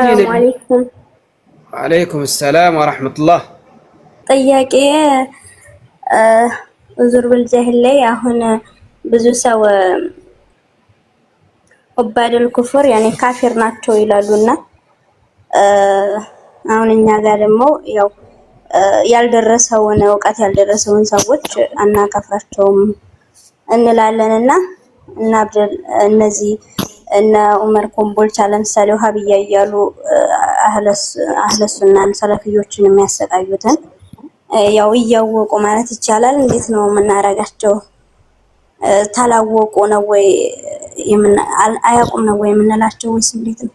አሰላሙአሌይኩም አለይኩም ሰላም ወረህመቱላህ። ጥያቄ ዙር ብልጃህል ላይ አሁን ብዙ ሰው ኦባደል ኩፍር ያኔ ካፊር ናቸው ይላሉና አሁን እኛ ጋር ደግሞ ያው ያልደረሰውን እውቀት ያልደረሰውን ሰዎች አናካፍራቸውም እንላለንና እና እነዚህ እነ ኡመር ኮምቦልቻ ለምሳሌ ውሀብያ እያሉ አህለሱናን ሰለፊዮችን የሚያሰቃዩትን ያው እያወቁ ማለት ይቻላል እንዴት ነው የምናደርጋቸው ታላወቁ ነው ወይ አያውቁም ነው ወይ የምንላቸው ወይስ እንዴት ነው?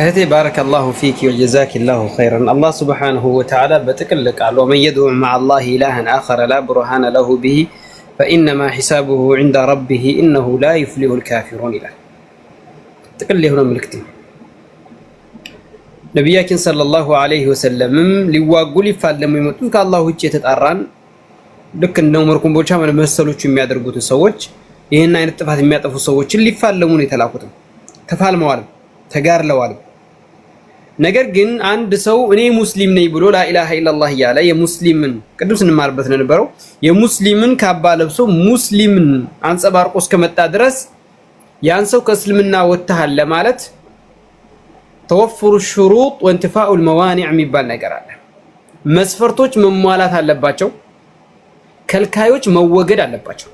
እህቴ ባረከላሁ ፊኪ ወጀዛኪላሁ ኸይረን። አላህ ሱብሓነሁ ወተዓላ በጥቅል ቃል ወመን የድዑ መዐላሂ ኢላሃን አኸረ ላ ቡርሃነ ለሁ ቢሂ ፈኢነማ ሒሳቡሁ ዒንደ ረቢሂ ኢነሁ ላ ዩፍሊሁል ካፊሩን ይላል። ጥቅል የሆነ ምልክት ነው። ነቢያችን ሰለላሁ ዐለይሂ ወሰለምም ሊዋጉ ሊፋለሙ የመጡት ከአላህ ውጭ የተጣራን ልክ እንደ ዑመር ኮምቦልቻ መሰሎቹ የሚያደርጉትን ሰዎች ይህን አይነት ጥፋት የሚያጠፉ ሰዎችን ሊፋለሙ ነው የተላኩትም። ተፋልመዋልም ተጋድለዋልም። ነገር ግን አንድ ሰው እኔ ሙስሊም ነኝ ብሎ ላኢላሃ ኢላላህ እያለ የሙስሊምን ቅድም ስንማርበት ነው የሙስሊምን ካባ ለብሶ ሙስሊምን አንጸባርቆ እስከመጣ ድረስ ያን ሰው ከእስልምና ወጥተሃል ለማለት ተወፍሩ ሽሩጥ ወንትፋኡል መዋኒዕ የሚባል ነገር አለ። መስፈርቶች መሟላት አለባቸው። ከልካዮች መወገድ አለባቸው።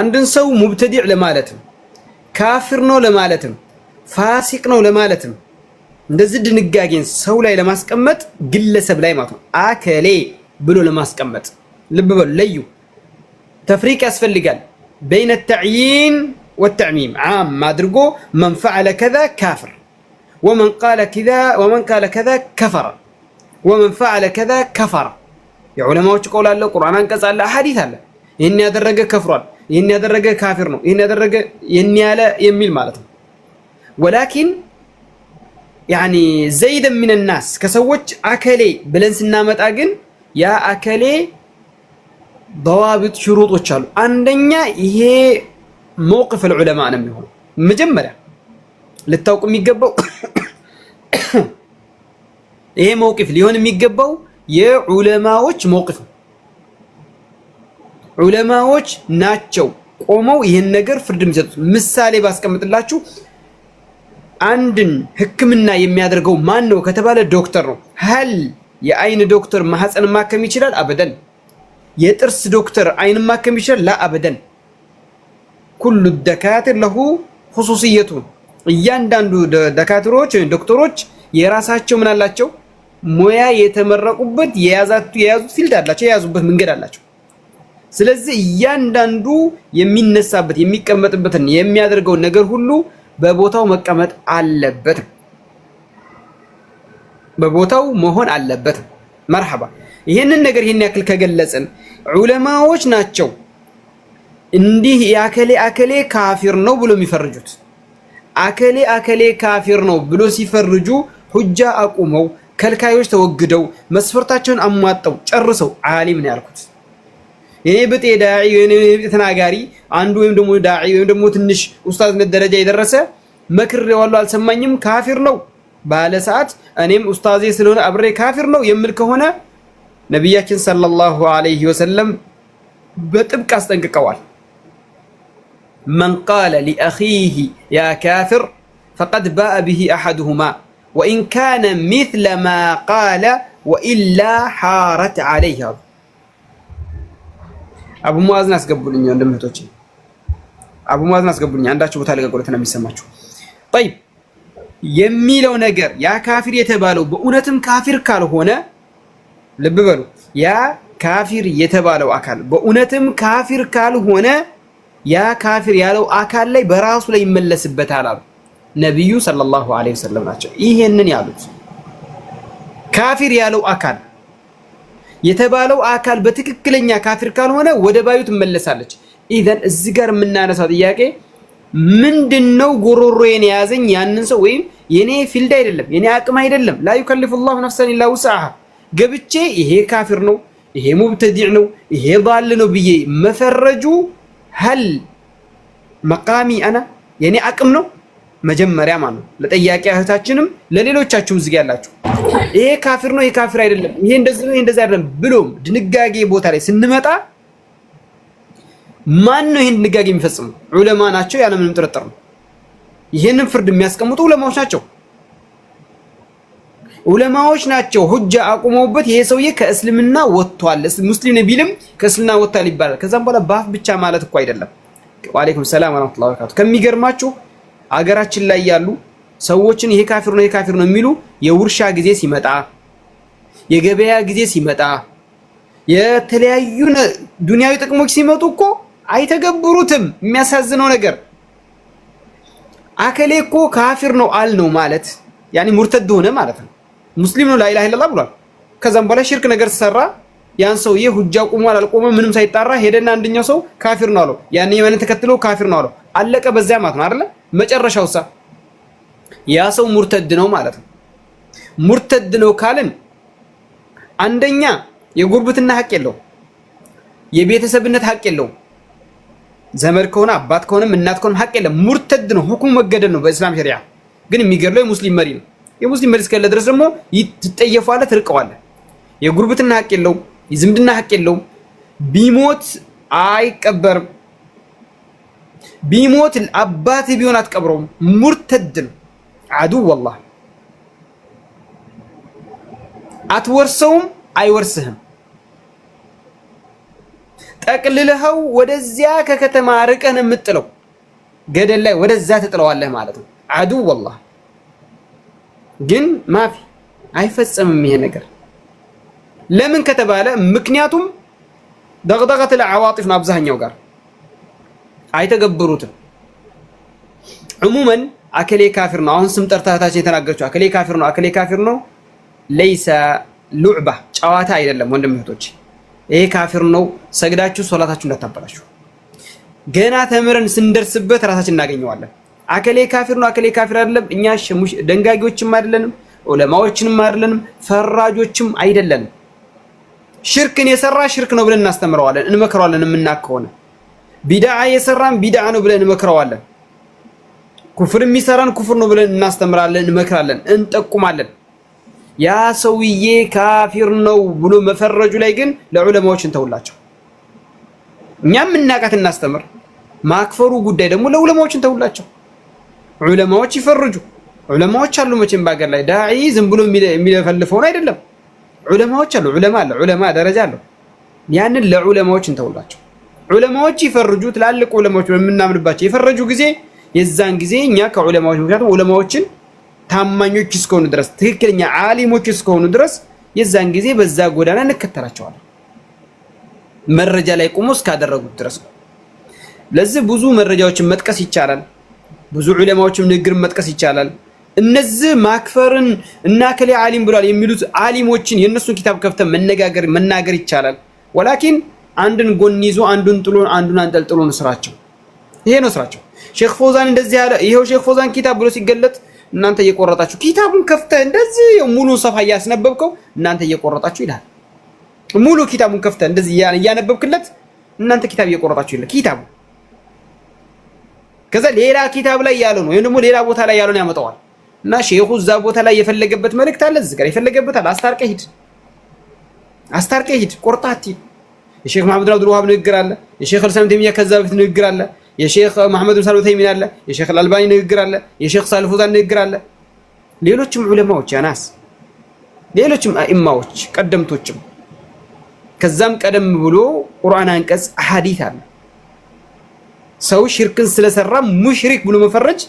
አንድን ሰው ሙብተዲዕ ለማለትም ካፊር ነው ለማለትም ፋሲቅ ነው ለማለትም እንደዚህ ድንጋጌን ሰው ላይ ለማስቀመጥ ግለሰብ ላይ ማለት ነው አከሌ ብሎ ለማስቀመጥ ልብ በሉ ለዩ ተፍሪቅ ያስፈልጋል በይነ ተዕይን ወተዕሚም ዓም አድርጎ መን ፈዐለ ከዛ ካፍር ወመን ቃለ ከዛ ከፈረ ወመን ፈዐለ ከዛ ከፈረ የዑለማዎች ቀውል አለ ቁርአን አንቀጽ አለ ሐዲስ አለ ይህን ያደረገ ከፍሯል ይህን ያደረገ ካፊር ነው ይህን ያደረገ ይህን ያለ የሚል ማለት ነው ወላኪን ያኒ ዘይደን ሚንናስ ከሰዎች አከሌ ብለን ስናመጣ ግን ያ አከሌ በዋብጥ ሽሩጦች አሉ። አንደኛ ይሄ መውቅፍ ልዑለማ ነው የሚሆነው። መጀመሪያ ልታውቅ የሚገባው ይሄ መውቅፍ ሊሆን የሚገባው የዑለማዎች መውቅፍ ነው። ዑለማዎች ናቸው ቆመው ይህን ነገር ፍርድ የሚሰጡት። ምሳሌ ባስቀምጥላችሁ አንድን ህክምና የሚያደርገው ማን ነው ከተባለ ዶክተር ነው። ሀል የአይን ዶክተር ማህፀን ማከም ይችላል? አበደን። የጥርስ ዶክተር አይን ማከም ይችላል? ላ አበደን። ኩሉ ደካትር ለሁ ሁሱስየቱ እያንዳንዱ ደካትሮች ወይም ዶክተሮች የራሳቸው ምን አላቸው? ሙያ የተመረቁበት የያዙት ፊልድ አላቸው፣ የያዙበት መንገድ አላቸው። ስለዚህ እያንዳንዱ የሚነሳበት የሚቀመጥበትን የሚያደርገውን ነገር ሁሉ በቦታው መቀመጥ አለበት፣ በቦታው መሆን አለበት። መርሐባ ይህንን ነገር ይህን ያክል ከገለጽን ዑለማዎች ናቸው እንዲህ የአከሌ አከሌ ካፊር ነው ብሎ የሚፈርጁት። አከሌ አከሌ ካፊር ነው ብሎ ሲፈርጁ ሁጃ አቁመው ከልካዮች ተወግደው መስፈርታቸውን አሟጠው ጨርሰው ዓሊም ነው ያልኩት የኔ ብጤ ዳዒ የኔ ብጤ ተናጋሪ አንዱ ወይም ደግሞ ዳዒ ወይም ደግሞ ትንሽ ኡስታዝነት ደረጃ የደረሰ መክር መክሬዋለሁ አልሰማኝም፣ ካፊር ነው ባለ ሰዓት እኔም ኡስታዜ ስለሆነ አብሬ ካፊር ነው የሚል ከሆነ ነቢያችን ሰለላሁ ዐለይሂ ወሰለም በጥብቅ አስጠንቅቀዋል። መን ቃለ ሊአኺህ ያ ካፊር ፈቀድ ባአ ብሂ አሐዱሁማ ወኢን ካነ ሚስለ ማ ቃለ ወኢላ ሓረት ዐለይህ አሉ። አቡ ሙዓዝን አስገቡልኛ ወንድም እህቶቼ አቡ ማዝን አስገቡኝ አንዳቸው ቦታ ለቀቁለት ነው የሚሰማችሁ ይ የሚለው ነገር ያ ካፊር የተባለው በእውነትም ካፊር ካልሆነ ልብ በሉ ያ ካፊር የተባለው አካል በእውነትም ካፊር ካልሆነ ያ ካፊር ያለው አካል ላይ በራሱ ላይ ይመለስበታል አሉ ነቢዩ ሰለላሁ ዐለይሂ ወሰለም ናቸው ይሄንን ያሉት። ካፊር ያለው አካል የተባለው አካል በትክክለኛ ካፊር ካልሆነ ወደ ባዩ ትመለሳለች። ኢዘን እዚህ ጋር የምናነሳው ጥያቄ ምንድን ነው ጉሮሮዬን የያዘኝ ያንን ሰው ወይም የኔ ፊልድ አይደለም የኔ አቅም አይደለም። ላ ዩከልፍ ላሁ ነፍሰን ላ ውስዐሃ ገብቼ ይሄ ካፊር ነው ይሄ ሙብተዲዕ ነው ይሄ ባል ነው ብዬ መፈረጁ ሀል መቃሚ አና የኔ አቅም ነው መጀመሪያ ማለት ነው። ለጠያቂ እህታችንም ለሌሎቻችሁም እዚህ ያላችሁ ይሄ ካፊር ነው ይሄ ካፊር አይደለም ይሄ እንደዚህ ነው ይሄ እንደዚህ አይደለም ብሎም ድንጋጌ ቦታ ላይ ስንመጣ ማን ነው ይህን ድንጋጌ የሚፈጽመው? ዑለማ ናቸው፣ ያለምንም ጥርጥር ነው። ይህንን ፍርድ የሚያስቀምጡ ዑለማዎች ናቸው። ዑለማዎች ናቸው ሁጃ አቁመውበት ይሄ ሰውዬ ከእስልምና ወጥቷል፣ ሙስሊም ነው ቢልም ከእስልምና ወጥቷል ይባላል። ከዛም በኋላ በአፍ ብቻ ማለት እኮ አይደለም። ወአለይኩም ሰላም ወራህመቱላሂ ወበረካቱ። ከሚገርማችሁ አገራችን ላይ ያሉ ሰዎችን ይሄ ካፊር ነው ይሄ ካፊር ነው የሚሉ የውርሻ ጊዜ ሲመጣ፣ የገበያ ጊዜ ሲመጣ፣ የተለያዩ ዱንያዊ ጥቅሞች ሲመጡ እኮ አይተገብሩትም። የሚያሳዝነው ነገር አከሌ እኮ ካፊር ነው አልነው ማለት ያኔ ሙርተድ ሆነ ማለት ነው። ሙስሊም ነው ላኢላሀ ኢለላህ ብሏል። ከዛም በኋላ ሽርክ ነገር ሰራ። ያን ሰውዬ ሁጃ ቁሞ አላልቆመ ምንም ሳይጣራ ሄደና አንደኛው ሰው ካፊር ነው አለው። ያን የማንን ተከትሎ ካፊር ነው አለው። አለቀ በዚያ ማለት ነው አይደለ? መጨረሻው ሳ ያ ሰው ሙርተድ ነው ማለት ነው። ሙርተድ ነው ካልን አንደኛ የጉርብትና ሀቅ የለው፣ የቤተሰብነት ሀቅ የለው ዘመድ ከሆነ አባት ከሆነም እናት ከሆነም ሀቅ የለም። ሙርተድ ነው፣ ሁክሙ መገደል ነው በእስላም ሸሪያ። ግን የሚገድለው የሙስሊም መሪ ነው። የሙስሊም መሪ እስከለ ድረስ ደግሞ ትጠየፏለ፣ ትርቀዋለ። የጉርብትና ሀቅ የለውም፣ የዝምድና ሀቅ የለውም። ቢሞት አይቀበርም። ቢሞት አባት ቢሆን አትቀብረውም። ሙርተድ ነው። አዱ ወላህ አትወርሰውም፣ አይወርስህም። ጠቅልልኸው ወደዚያ ከከተማ ርቀን የምጥለው ገደል ላይ ወደዛ ትጥለዋለህ ማለት ነው። አዱ ወላሂ ግን ማፊ አይፈጸምም ይሄ ነገር ለምን ከተባለ ምክንያቱም ደቅደቀት ለአዋጢፍ ነው። አብዛኛው ጋር አይተገብሩትም። ዕሙመን አከሌ ካፊር ነው። አሁን ስም ጠርታታችን የተናገረችው አከሌ ካፊር ነው፣ አከሌ ካፊር ነው። ለይሰ ሉዕባ ጨዋታ አይደለም ወንድም እህቶች ይሄ ካፊር ነው ሰግዳችሁ ሶላታችሁ እንዳታበላችሁ። ገና ተምረን ስንደርስበት ራሳችን እናገኘዋለን። አከሌ ካፊር ነው አከሌ ካፊር አይደለም። እኛ ደንጋጊዎችም አይደለንም፣ ዑለማዎችንም አይደለንም፣ ፈራጆችም አይደለንም። ሽርክን የሰራ ሽርክ ነው ብለን እናስተምረዋለን፣ እንመክረዋለን። የምናውቅ ከሆነ ቢድዓ የሰራን ቢድዓ ነው ብለን እንመክረዋለን። ኩፍር የሚሰራን ኩፍር ነው ብለን እናስተምራለን፣ እንመክራለን፣ እንጠቁማለን። ያ ሰውዬ ካፊር ነው ብሎ መፈረጁ ላይ ግን ለዑለማዎች እንተውላቸው። እኛም እናቃት እናስተምር። ማክፈሩ ጉዳይ ደግሞ ለዑለማዎች እንተውላቸው። ዑለማዎች ይፈርጁ። ዑለማዎች አሉ መቼም በሀገር ላይ ዳዒ ዝም ብሎ የሚለፈልፈውን አይደለም። ዑለማዎች አሉ። ዑለማ አለ ዑለማ ደረጃ አለው። ያንን ለዑለማዎች እንተውላቸው። ዑለማዎች ይፈርጁ። ትላልቅ ዑለማዎች በምናምንባቸው የፈረጁ ጊዜ የዛን ጊዜ እኛ ከዑለማዎች ምክንያቱም ዑለማዎችን ታማኞች እስከሆኑ ድረስ ትክክለኛ ዓሊሞች እስከሆኑ ድረስ የዛን ጊዜ በዛ ጎዳና እንከተላቸዋለን። መረጃ ላይ ቆሞ እስካደረጉት ድረስ ነው። ለዚህ ብዙ መረጃዎችን መጥቀስ ይቻላል። ብዙ ዑለማዎችም ንግግርን መጥቀስ ይቻላል። እነዚህ ማክፈርን እና ከሌ ዓሊም ብሏል የሚሉት ዓሊሞችን የእነሱን ኪታብ ከፍተ መነጋገር መናገር ይቻላል። ወላኪን አንድን ጎን ይዞ አንዱን ጥሎ አንዱን አንጠልጥሎ ነው ስራቸው። ይሄ ነው ስራቸው። ሼክ ፎዛን እንደዚህ ያለ ይሄው ሼክ ፎዛን ኪታብ ብሎ ሲገለጥ እናንተ እየቆረጣችሁ ኪታቡን ከፍተህ እንደዚህ ሙሉ ሰፋ እያስነበብከው እናንተ እየቆረጣችሁ ይላል። ሙሉ ኪታቡን ከፍተህ እንደዚህ እያነበብክለት እናንተ ኪታብ እየቆረጣችሁ ይላል። ኪታቡ ከዛ ሌላ ኪታብ ላይ ያለ ነው ወይም ደግሞ ሌላ ቦታ ላይ ነው ያመጣዋል እና ሼሁ እዛ ቦታ ላይ የፈለገበት መልእክት አለ፣ እዚህ ጋር የፈለገበት አለ። አስታርቀህ ሂድ፣ አስታርቀ ሂድ፣ ቆርጣት ሂድ። የሼክ መሐመድ አብዱል ንግግር አለ። የሼክ ልሳም ቴሚያ ከዛ በፊት ንግግር አለ። የሼክ መሐመድ ብን ሳልህ አለ፣ የሼክ አልባኒ ንግግር አለ፣ የሼክ ሳልህ ንግግር አለ። ሌሎችም ዑለማዎች ያናስ ሌሎችም አኢማዎች ቀደምቶችም ከዛም ቀደም ብሎ ቁርአን አንቀጽ አሐዲት አለ። ሰው ሽርክን ስለሰራ ሙሽሪክ ብሎ መፈረጅ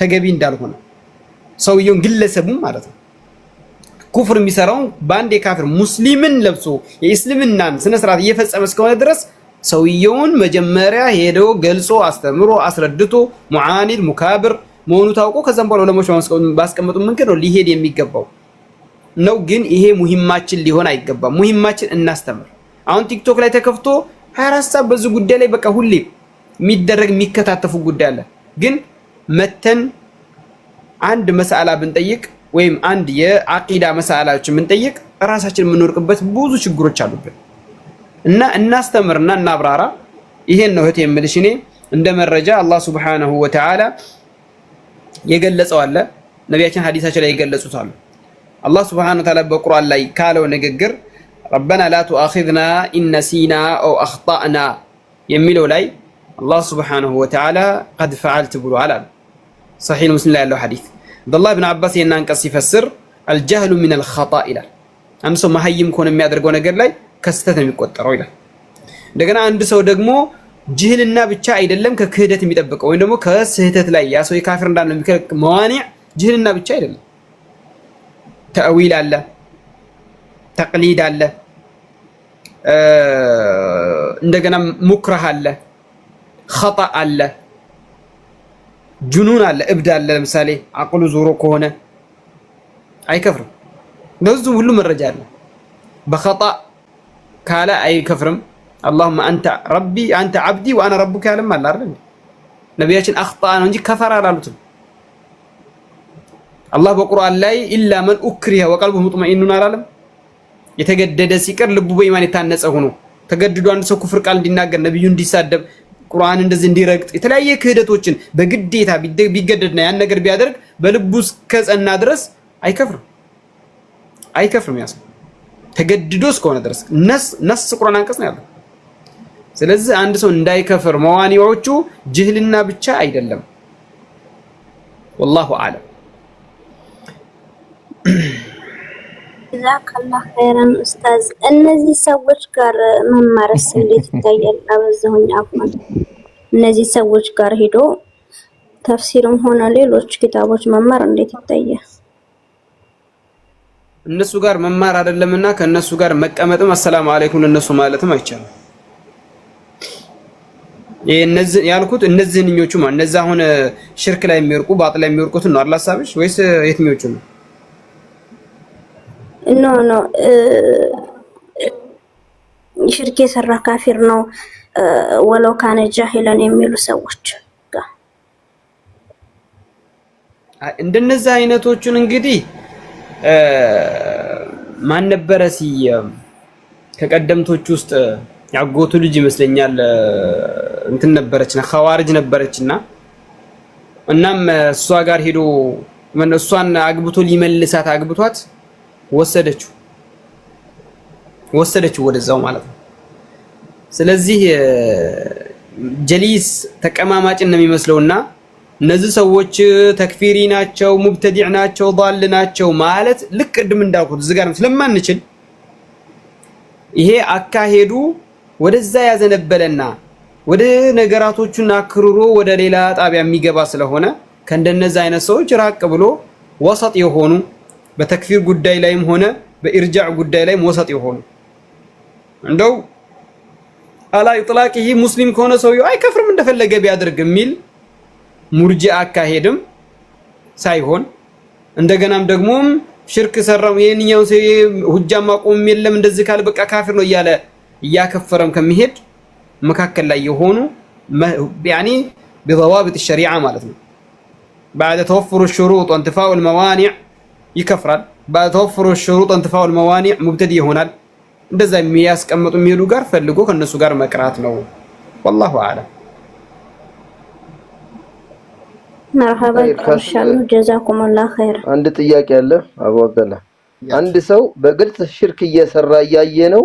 ተገቢ እንዳልሆነ ሰውየውን ግለሰቡም ማለት ነው ኩፍር የሚሰራውን በአንድ የካፍር ሙስሊምን ለብሶ የእስልምናን ስነስርዓት እየፈጸመ እስከሆነ ድረስ ሰውየውን መጀመሪያ ሄደው ገልጾ አስተምሮ አስረድቶ ሙዓኒድ ሙካብር መሆኑ ታውቆ ከዛም በኋላ ዑለሞች ባስቀመጡ መንገድ ነው ሊሄድ የሚገባው ነው። ግን ይሄ ሙሂማችን ሊሆን አይገባም። ሙሂማችን እናስተምር። አሁን ቲክቶክ ላይ ተከፍቶ 24 ሰዓት በዚህ ጉዳይ ላይ በቃ ሁሌ የሚደረግ የሚከታተፉ ጉዳይ አለ። ግን መተን አንድ መሳላ ብንጠይቅ ወይም አንድ የአቂዳ መሳላዎችን ብንጠይቅ ራሳችን የምንወድቅበት ብዙ ችግሮች አሉብን። እና እናስተምርና እናብራራ። ይሄን ነው እህት የምልሽ። እኔ እንደ መረጃ አላህ ሱብሓነሁ ወተዓላ የገለጸው አለ፣ ነቢያችን ሐዲሳቸው ላይ የገለጹት አሉ። አላህ ሱብሓነሁ ወተዓላ በቁርአን ላይ ካለው ንግግር ረበና ላ ቱአኺዝና ኢነሲና ኦ አኽጣእና የሚለው ላይ አላህ ሱብሓነሁ ወተዓላ ቀድ ፈዓልት ብሏል አሉ። ሰሒህ ሙስሊም ላይ ያለው ሐዲስ አብዱላህ ብን አባስ ይህን አንቀጽ ሲፈስር አልጀህሉ ሚነል ኸጣእ ይላል። አንድ ሰው መሀይም ከሆነ የሚያደርገው ነገር ላይ ከስህተት ነው የሚቆጠረው ይላል። እንደገና አንድ ሰው ደግሞ ጅህልና ብቻ አይደለም ከክህደት የሚጠብቀው ወይም ደግሞ ከስህተት ላይ ያ ሰው የካፊር እንዳለ የሚከለክ መዋኒዕ ጅህልና ብቻ አይደለም። ተእዊል አለ፣ ተቅሊድ አለ፣ እንደገና ሙክረህ አለ፣ ኸጣ አለ፣ ጅኑን አለ፣ እብድ አለ። ለምሳሌ አቅሉ ዞሮ ከሆነ አይከፍርም። ለዙ ሁሉ መረጃ አለ በኸጣ ካለ አይከፍርም። አላሁመ አንተ ረቢ አንተ አብዲ ወአነ ረቡከ ያለም አለ አይደል? ነቢያችን አኽጣ ነው እንጂ ከፈር አላሉትም። አላህ በቁርአን ላይ ኢላ መን ኡክሪሀ ወቀልቡ ሙጥመኢኑን አላለም። የተገደደ ሲቀር ልቡ በኢማን የታነጸ ሆኖ ተገድዶ አንድ ሰው ኩፍር ቃል እንዲናገር ነብዩ እንዲሳደብ ቁርአን እንደዚህ እንዲረግጥ የተለያየ ክህደቶችን በግዴታ ቢገደድና ያን ነገር ቢያደርግ በልቡ እስከ ጸና ድረስ አይከፍርም አይከፍርም ያሰው ተገድዶ እስከሆነ ድረስ ነስ ቁርአን አንቀጽ ነው ያለው። ስለዚህ አንድ ሰው እንዳይከፍር መዋኒዎቹ ጅህልና ብቻ አይደለም። ወላሁ አለም። ጀዛከላህ ኸይረን ኡስታዝ። እነዚህ ሰዎች ጋር መማረስ እንዴት ይታያል? አበዛሁኝ አፍን እነዚህ ሰዎች ጋር ሄዶ ተፍሲርም ሆነ ሌሎች ኪታቦች መማር እንዴት ይታያል? እነሱ ጋር መማር አይደለምና ከነሱ ጋር መቀመጥም አሰላሙ አለይኩም እነሱ ማለትም አይቻልም። እነዚህ ያልኩት እነዚህኞቹ ማለት እነዛ አሁን ሽርክ ላይ የሚወርቁ ባጥ ላይ የሚወርቁትን ነው አላህ ሳቢሽ ወይስ የትኞቹ ነው? ኖ ኖ ሽርክ የሰራ ካፊር ነው ወለው ካነ ጃሂለን የሚሉ ሰዎች እንደነዛ አይነቶቹን እንግዲህ ማን ነበረ ሲ ከቀደምቶች ውስጥ ያጎቱ ልጅ ይመስለኛል እንትን ነበረችና ኸዋርጅ ነበረችና እናም እሷ ጋር ሄዶ እሷን አግብቶ ሊመልሳት አግብቷት ወሰደችው ወሰደችው ወደዛው ማለት ነው። ስለዚህ ጀሊስ ተቀማማጭን ነው የሚመስለውና እነዚህ ሰዎች ተክፊሪ ናቸው፣ ሙብተዲዕ ናቸው፣ ል ናቸው ማለት ልክ ቅድም እንዳልኩት እዚህ ጋር ስለማንችል ይሄ አካሄዱ ወደዛ ያዘነበለና ወደ ነገራቶቹን አክርሮ ወደ ሌላ ጣቢያ የሚገባ ስለሆነ ከእንደነዚህ አይነት ሰዎች ራቅ ብሎ ወሰጥ የሆኑ በተክፊር ጉዳይ ላይም ሆነ በኢርጃዕ ጉዳይ ላይም ወሰጥ የሆኑ እንደው አላ ኢጥላቅ ይህ ሙስሊም ከሆነ ሰውየው አይከፍርም እንደፈለገ ቢያደርግ የሚል ሙርጂ አካሄድም ሳይሆን እንደገናም ደግሞ ሽርክ ሰራው ሰው ሁጃ ማቆም የለም እንደዚህ ካለ በቃ ካፊር ነው እያለ እያከፈረም ከሚሄድ መካከል ላይ የሆኑ ያኒ بضوابط الشريعه ማለት ነው بعد توفر الشروط وانتفاء الموانع ይከፍራል بعد توفر الشروط وانتفاء الموانع مبتدئ ይሆናል እንደዛ የሚያስቀምጡ የሚሄዱ ጋር ፈልጎ ከነሱ ጋር መቅራት ነው والله اعلم መርሃባ አንድ ጥያቄ አለ። አቡ አብደላ አንድ ሰው በግልጽ ሽርክ እየሰራ እያየ ነው፣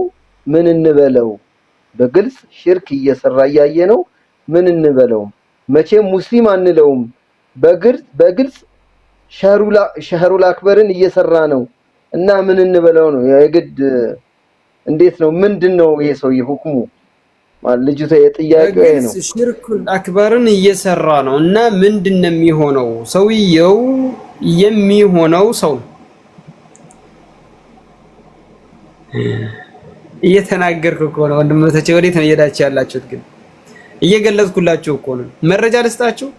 ምን እንበለው? በግልጽ ሽርክ እየሰራ እያየ ነው፣ ምን እንበለው? መቼም ሙስሊም አንለውም። በግልጽ በግልጽ ሸህሩል አክበርን እየሰራ ነው እና ምን እንበለው ነው የግድ እንዴት ነው? ምንድን ነው ይሄ ሰውዬ ሁክሙ? ልጅቷ የጥያቄው ነው። ሽርኩል አክባርን እየሰራ ነው እና ምንድን ነው የሚሆነው? ሰውየው የሚሆነው ሰው እየተናገርክ እኮ ነው ወንድሞቼ። ወዴት ነው እየሄዳችሁ ያላችሁት? ግን እየገለጽኩላችሁ እኮ ነው። መረጃ ልስጣችሁ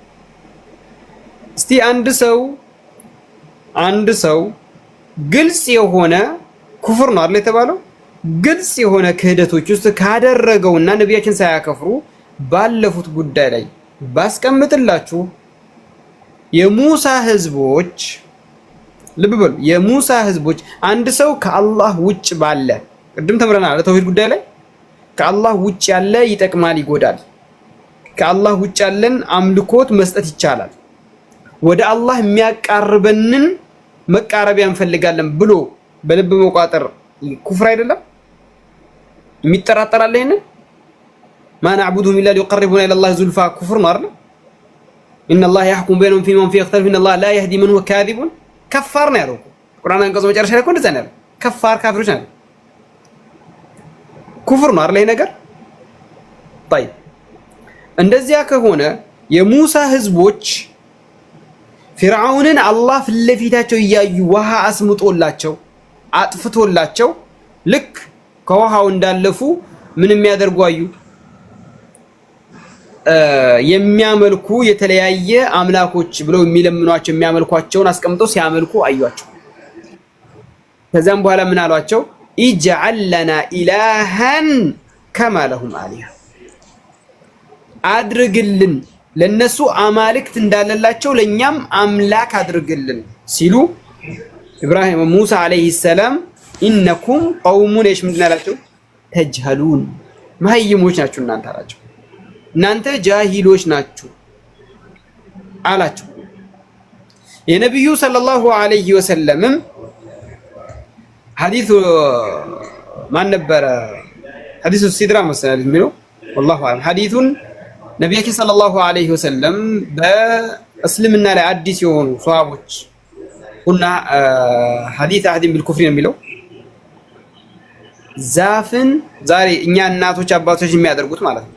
እስቲ። አንድ ሰው አንድ ሰው ግልጽ የሆነ ኩፍር ነው አይደል የተባለው ግልጽ የሆነ ክህደቶች ውስጥ ካደረገውና ነቢያችን ሳያከፍሩ ባለፉት ጉዳይ ላይ ባስቀምጥላችሁ የሙሳ ህዝቦች ልብ በሉ። የሙሳ ህዝቦች አንድ ሰው ከአላህ ውጭ ባለ ቅድም ተምረናል ለተውሂድ ጉዳይ ላይ ከአላህ ውጭ ያለ ይጠቅማል፣ ይጎዳል። ከአላህ ውጭ ያለን አምልኮት መስጠት ይቻላል። ወደ አላህ የሚያቃርበንን መቃረቢያ እንፈልጋለን ብሎ በልብ መቋጠር ኩፍር አይደለም። የሚጠራጠር አለ? ይሄንን ማ ነዕቡዱሁም ኢላ ሊዩቀርቡና ዙልፋ ኩፍር ነው አይደል? ኢነላህ ያሕኩም በይነሁም ፊማ ሁም ፊህ የኽተሊፉን ኢነላህ ላ የህዲ መን ሁወ ካዚቡን ከፋር ነው ያለው። ቁርአን አንቀጹ መጨረሻ ላይ እንደዛ ነው ያለው። ከፋር ካፍሮች ናቸው። ኩፍር ነው አይደል? ይሄ ነገር ይ እንደዚያ ከሆነ የሙሳ ህዝቦች ፊርዓውንን አላህ ፊት ለፊታቸው እያዩ ውሃ አስምጦላቸው አጥፍቶላቸው ልክ ከውሃው እንዳለፉ ምን የሚያደርጉ አዩ? የሚያመልኩ የተለያየ አምላኮች ብለው የሚለምኗቸው የሚያመልኳቸውን አስቀምጠው ሲያመልኩ አዩቸው። ከዛም በኋላ ምን አሏቸው? ኢጅዐል ለና ኢላሃን ከማ ለሁም አድርግልን ለነሱ አማልክት እንዳለላቸው ለእኛም አምላክ አድርግልን ሲሉ ኢብራሂም ሙሳ አለይሂ ሰላም ኢነኩም ቀውሙን ሽ ምንድን አላቸው? ተጅሀሉን መሀይሞች ናችሁ እናንተ አላቸው። እናንተ ጃሂሎች ናችሁ አላቸው። የነቢዩ ሰለላሁ አለይህ ወሰለምም ሐዲሱ ማን ነበረ? ሐዲሱ ሲድራ መሰለኝ የሚለው ወላሁ አለም። ሀዲቱን ነቢያችን ሰለላሁ አለይህ ወሰለም በእስልምና ላይ አዲስ የሆኑ ሰዋቦች ሁና ሐዲስ አህዲን ቢልኩፍሪ ነው የሚለው ዛፍን ዛሬ እኛ እናቶች አባቶች የሚያደርጉት ማለት ነው።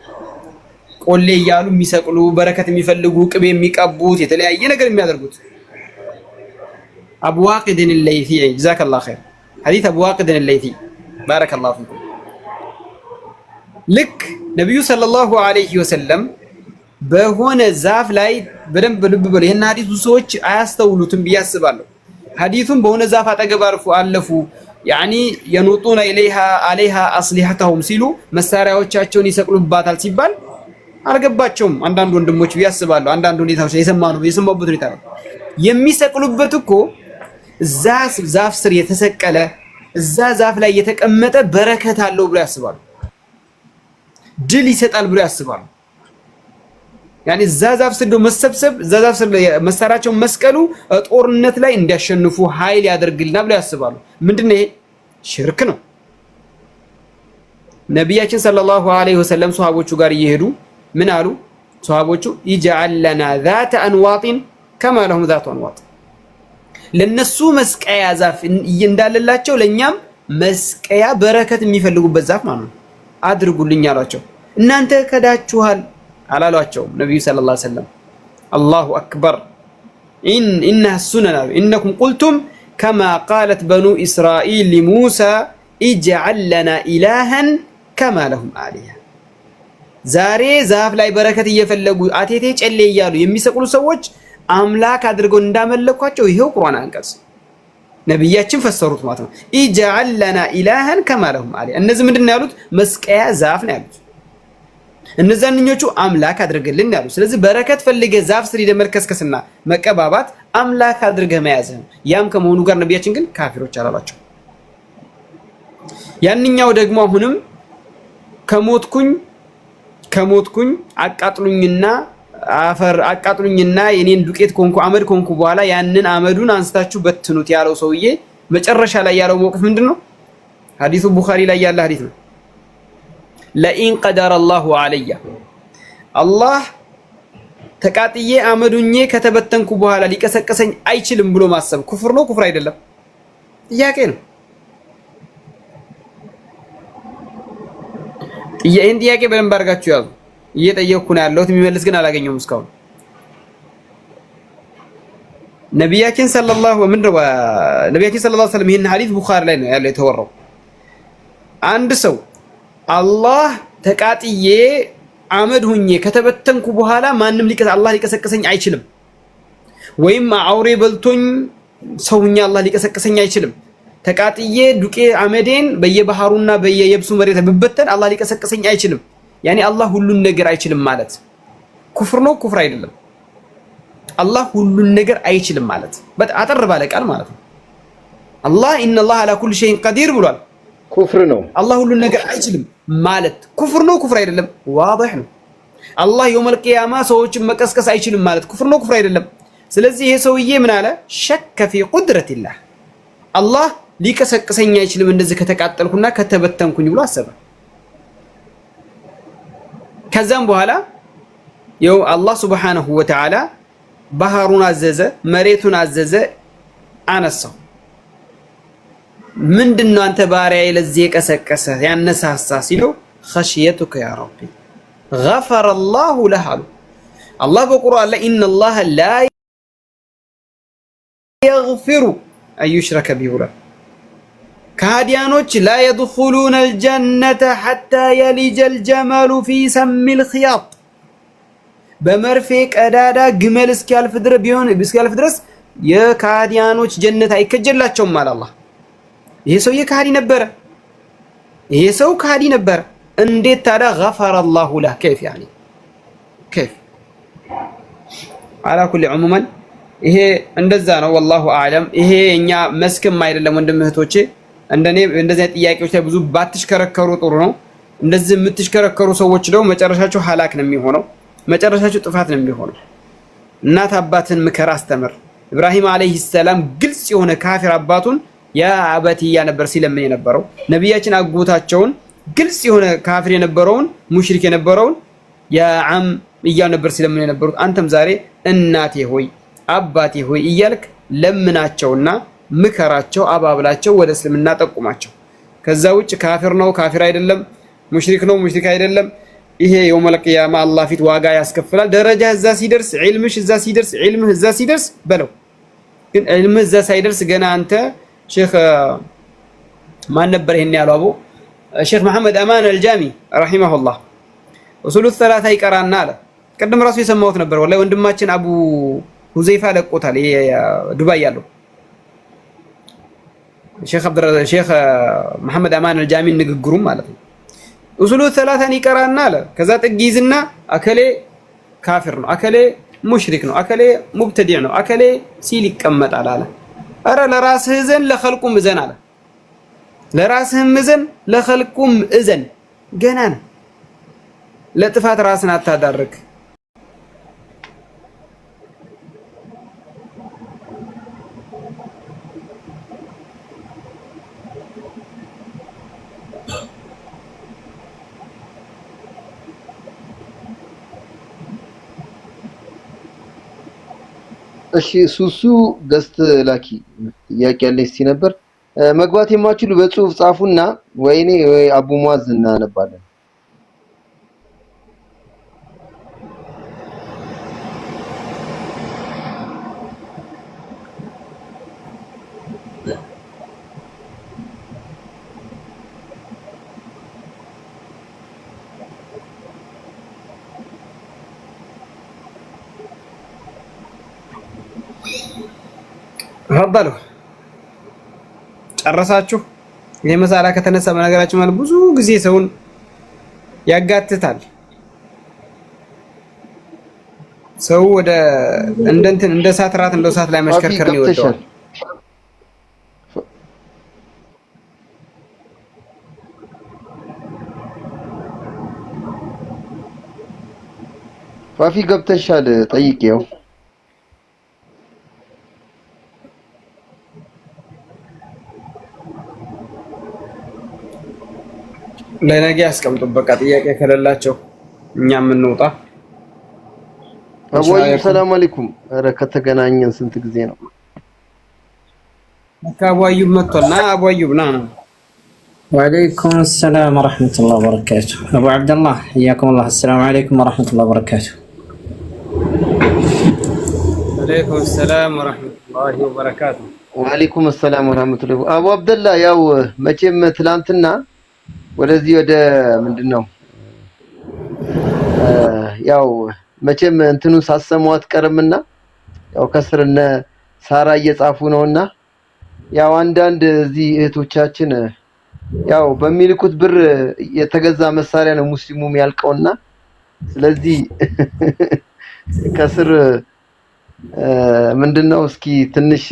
ቆሌ እያሉ የሚሰቅሉ በረከት የሚፈልጉ ቅቤ የሚቀቡት የተለያየ ነገር የሚያደርጉት አብዋቅድን ለይቲ ጀዛከላ ኸይር ሐዲስ አብዋቅድን ለይቲ ባረከላ ፊኩም። ልክ ነቢዩ ሰለላሁ አለይሂ ወሰለም በሆነ ዛፍ ላይ በደንብ ልብ በሉ። ይህን ሐዲስ ብዙ ሰዎች አያስተውሉትም ብዬ አስባለሁ። ሐዲቱም በሆነ ዛፍ አጠገብ አለፉ ያኒ የኑጡነ አለይሃ አስሊሐተሁም ሲሉ መሳሪያዎቻቸውን ይሰቅሉባታል ሲባል አልገባቸውም። አንዳንድ ወንድሞች ብዬ አንዳንድ ሁኔታዎች የሰማነው የሰማሁበት ሁኔታ ነው። የሚሰቅሉበት እኮ እዛ ዛፍ ስር የተሰቀለ እዛ ዛፍ ላይ የተቀመጠ በረከት አለው ብሎ ያስባሉ። ድል ይሰጣል ብሎ ያስባሉ። ያኔ እዛ ዛፍ ስር መሰብሰብ፣ እዛ ዛፍ ስር መሳሪያቸውን መስቀሉ ጦርነት ላይ እንዲያሸንፉ ኃይል ያደርግልና ብለው ያስባሉ። ምንድነው ነው ይሄ? ሽርክ ነው። ነቢያችን ሰለላሁ ዐለይሂ ወሰለም ሰሃቦቹ ጋር እየሄዱ ምን አሉ? ሰሃቦቹ ኢጅዐል ለና ዛተ አንዋጢን ከማ ለሁም ዛተ አንዋጥ፣ ለነሱ መስቀያ ዛፍ እንዳለላቸው ለኛም መስቀያ በረከት የሚፈልጉበት ዛፍ ማለት ነው አድርጉልኝ አሏቸው። እናንተ ከዳችኋል አላሏቸውም። ነቢዩ ሰለላሁ ዐለይሂ ወሰለም አላሁ አክበር ኢነሃ ሱነን አሉ። ኢነኩም ቁልቱም ከማ ቃለት በኑ እስራኢል ሊሙሳ ኢጅዐል ለና ኢላሃን ከማ ለሁም አሊያ። ዛሬ ዛፍ ላይ በረከት እየፈለጉ አቴቴ ጨሌ እያሉ የሚሰቅሉ ሰዎች አምላክ አድርገው እንዳመለኳቸው ይሄው ቁርአን አንቀጽ ነቢያችን ፈሰሩት ማለት ነው። ኢጅዐል ለና ኢላሃን ከማ ለሁም አሊያ። እነዚህ ምንድን ነው ያሉት? መስቀያ ዛፍ ነው ያሉት። እነዛንኞቹ አምላክ አድርገልን ያሉ። ስለዚህ በረከት ፈልገ ዛፍ ስር ሄደህ መቀባባት አምላክ አድርገ መያዝ ነው። ያም ከመሆኑ ጋር ነቢያችን ግን ካፊሮች አላሏቸው። ያንኛው ደግሞ አሁንም ከሞትኩኝ ከሞትኩኝ አቃጥሉኝና አፈር አቃጥሉኝና የኔን ዱቄት ኮንኩ አመድ ኮንኩ በኋላ ያንን አመዱን አንስታችሁ በትኑት ያለው ሰውዬ መጨረሻ ላይ ያለው መውቀፍ ምንድን ነው? ሀዲሱ ቡኻሪ ላይ ያለ ሀዲስ ነው። ለኢን ቀደረ አላሁ አለያ አላህ ተቃጥዬ አመዱኜ ከተበተንኩ በኋላ ሊቀሰቀሰኝ አይችልም ብሎ ማሰብ ኩፍር ነው? ኩፍር አይደለም? ጥያቄ ነው። ይህን ጥያቄ በደንብ አድርጋችሁ ያዙ። እየጠየቅኩ ነው ያለሁት፣ የሚመልስ ግን አላገኘሁም እስካሁን። ነቢያችን ሰለላሁ ዐለይሂ ወሰለም ይህን ሀዲስ ቡኻሪ ላይ ነው ያለው የተወራው አንድ ሰው አላህ ተቃጥዬ አመድ ሁኜ ከተበተንኩ በኋላ ማንም አላህ ሊቀሰቅሰኝ አይችልም። ወይም አውሬ በልቶኝ ሰው ሁኜ አላህ ሊቀሰቅሰኝ አይችልም። ተቃጥዬ ዱቄ አመዴን በየባህሩና በየየብሱ መሬት ብበተን አላህ ሊቀሰቅሰኝ አይችልም። ያኔ አላህ ሁሉን ነገር አይችልም ማለት ኩፍር ነው። ኩፍር አይደለም። አላህ ሁሉን ነገር አይችልም ማለት አጠር ባለ ቃል ማለት ነው። አላህ ኢነላህ አላ ኩል ሸይን ቀዲር ብሏል። ኩፍር ነው። አላህ ሁሉን ነገር አይችልም ማለት ኩፍር ነው ኩፍር አይደለም? ዋዲህ ነው። አላህ የውመል ቂያማ ሰዎችን መቀስቀስ አይችልም ማለት ኩፍር ነው ኩፍር አይደለም? ስለዚህ ይሄ ሰውዬ ምን አለ? ሸከ ፊ ቁድረቲላህ አላህ ሊቀሰቅሰኝ አይችልም እንደዚህ ከተቃጠልኩና ከተበተንኩኝ ብሎ አሰበ። ከዛም በኋላ ይኸው አላህ ሱብሓነሁ ወተዓላ ባህሩን አዘዘ፣ መሬቱን አዘዘ፣ አነሳው ምንድን ነው አንተ ባሪያዬ ለዚህ የቀሰቀሰ ያነሳሳ ሲለው ኸሽየቱከ ያ ረቢ ገፈረ ላሁ ለህ አሉ። አላህ በቁርአን ላይ ኢነ ላህ ላ የግፊሩ አዩሽረከ ቢሂ ከሃዲያኖች ላ የድኹሉነ አልጀነተ ሐታ የሊጀ አልጀመሉ ፊ ሰሚል ኽያጥ በመርፌ ቀዳዳ ግመል እስኪያልፍ ድረስ የካዲያኖች ጀነት አይከጀላቸውም አለ ይሄ ሰውዬ ከሃዲ ነበረ፣ ይሄ ሰው ከሃዲ ነበረ። እንዴት ታዲያ ገፈረ አላሁ ለህ ከይፍ ያኒ ከይፍ አላ ኩሊ ዑሙመን ይሄ እንደዛ ነው። ወላሁ አለም ይሄ እኛ መስክም አይደለም ወንድም እህቶቼ፣ እንደኔ እንደዚህ አይነት ጥያቄዎች ላይ ብዙ ባትሽከረከሩ ጥሩ ነው። እንደዚህ የምትሽከረከሩ ሰዎች ደግሞ መጨረሻቸው ሀላክ ነው የሚሆነው፣ መጨረሻቸው ጥፋት ነው የሚሆነው። እናት አባትን ምከር፣ አስተምር። ኢብራሂም አለይሂ ሰላም ግልጽ የሆነ ካፊር አባቱን ያ ነበር ሲለምን የነበረው ነቢያችን አጎታቸውን ግልጽ የሆነ ካፍር የነበረውን ሙሽሪክ የነበረውን ያ አም ነበር ሲለምን የነበሩት። አንተም ዛሬ እናቴ ሆይ አባቴ ሆይ እያልክ ለምናቸውና ምከራቸው፣ አባብላቸው፣ ወደ እስልምና ጠቁማቸው። ከዛ ውጭ ካፊር ነው ካፊር አይደለም፣ ሙሽሪክ ነው ሙሽሪክ አይደለም፣ ይሄ የውመል ቂያማ አላህ ፊት ዋጋ ያስከፍላል። ደረጃ እዛ ሲደርስ ዒልምሽ እዛ ሲደርስ ዒልምህ እዛ ሲደርስ በለው። ግን ዒልምህ እዛ ሳይደርስ ገና አንተ ሼክ ማን ነበር ይሄን ያለው? አቡ ሼክ መሐመድ አማን አልጃሚ ረሂመሁላህ ኡሱሉ ሰላሳ ይቀራና አለ። ቅድም ራሱ የሰማሁት ነበር ወላሂ ወንድማችን አቡ ሁዘይፋ ለቆታል። ዱባይ ያለው ሼክ አብዱ ሼክ መሐመድ አማን አልጃሚ ንግግሩም ማለት ነው። ኡሱሉ ሰላሳን ይቀራና አለ። ከዛ ጥግ ይዝና አከሌ ካፊር ነው፣ አከሌ ሙሽሪክ ነው፣ አከሌ ሙብተዲዕ ነው፣ አከሌ ሲል ይቀመጣል አለ ኧረ ለራስህ እዘን ለኸልቁም እዘን አለ። ለራስህም እዘን ለኸልቁም እዘን ገና ነህ። ለጥፋት ራስን አታዳርግ። እሺ ሱሱ ገስት ላኪ ጥያቄ ያለች ሲ ነበር መግባት የማችሉ በጽሁፍ ጻፉና፣ ወይኔ ወይ አቡ ሙአዝ እናነባለን። ተፈበሉ ጨረሳችሁ። ይህ መሳላ ከተነሳ በነገራችን ማለት ብዙ ጊዜ ሰውን ያጋትታል። ሰው ወደ እንደንትን እንደ እሳት ራት እንደ እሳት ላይ መሽከርከር ነው ይወደዋል። ፋፊ ገብተሻል ጠይቄው ለነገ ያስቀምጡት። በቃ ጥያቄ ከሌላቸው እኛ የምንወጣ አቦይ ሰላም አለይኩም። አረ ከተገናኘን ስንት ጊዜ ነው? አቧዩብ መጥቷል። ና አቧዩብ ና ነው። ወአለይኩም ሰላም ወራህመቱላሂ ወበረካቱ። አቡ አብደላህ እያኩም አላህ። አሰላሙ አለይኩም ወራህመቱላሂ ወበረካቱ። ወአለይኩም ሰላም ወራህመቱላሂ ወበረካቱ። ወአለይኩም ሰላም ወራህመቱላሂ። አቡ አብደላህ ያው መቼም ትላንትና ወደዚህ ወደ ምንድን ነው ያው መቼም እንትኑን ሳሰሙ አትቀርምና ያው ከስር እነ ሳራ እየጻፉ ነውና ያው አንዳንድ እዚህ እህቶቻችን ያው በሚልኩት ብር የተገዛ መሳሪያ ነው ሙስሊሙም የሚያልቀውና ስለዚህ ከስር ምንድን ነው እስኪ ትንሽ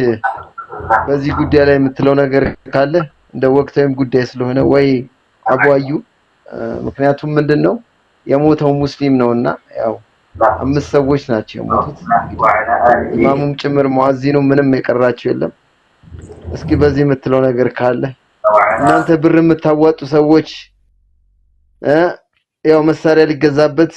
በዚህ ጉዳይ ላይ የምትለው ነገር ካለ እንደ ወቅታዊም ጉዳይ ስለሆነ ወይ አጓዩ። ምክንያቱም ምንድን ነው የሞተው ሙስሊም ነው እና ያው አምስት ሰዎች ናቸው የሞቱት። ኢማሙም ጭምር ሙአዚኑ ምንም የቀራቸው የለም። እስኪ በዚህ የምትለው ነገር ካለ እናንተ ብር የምታዋጡ ሰዎች ያው መሳሪያ ሊገዛበት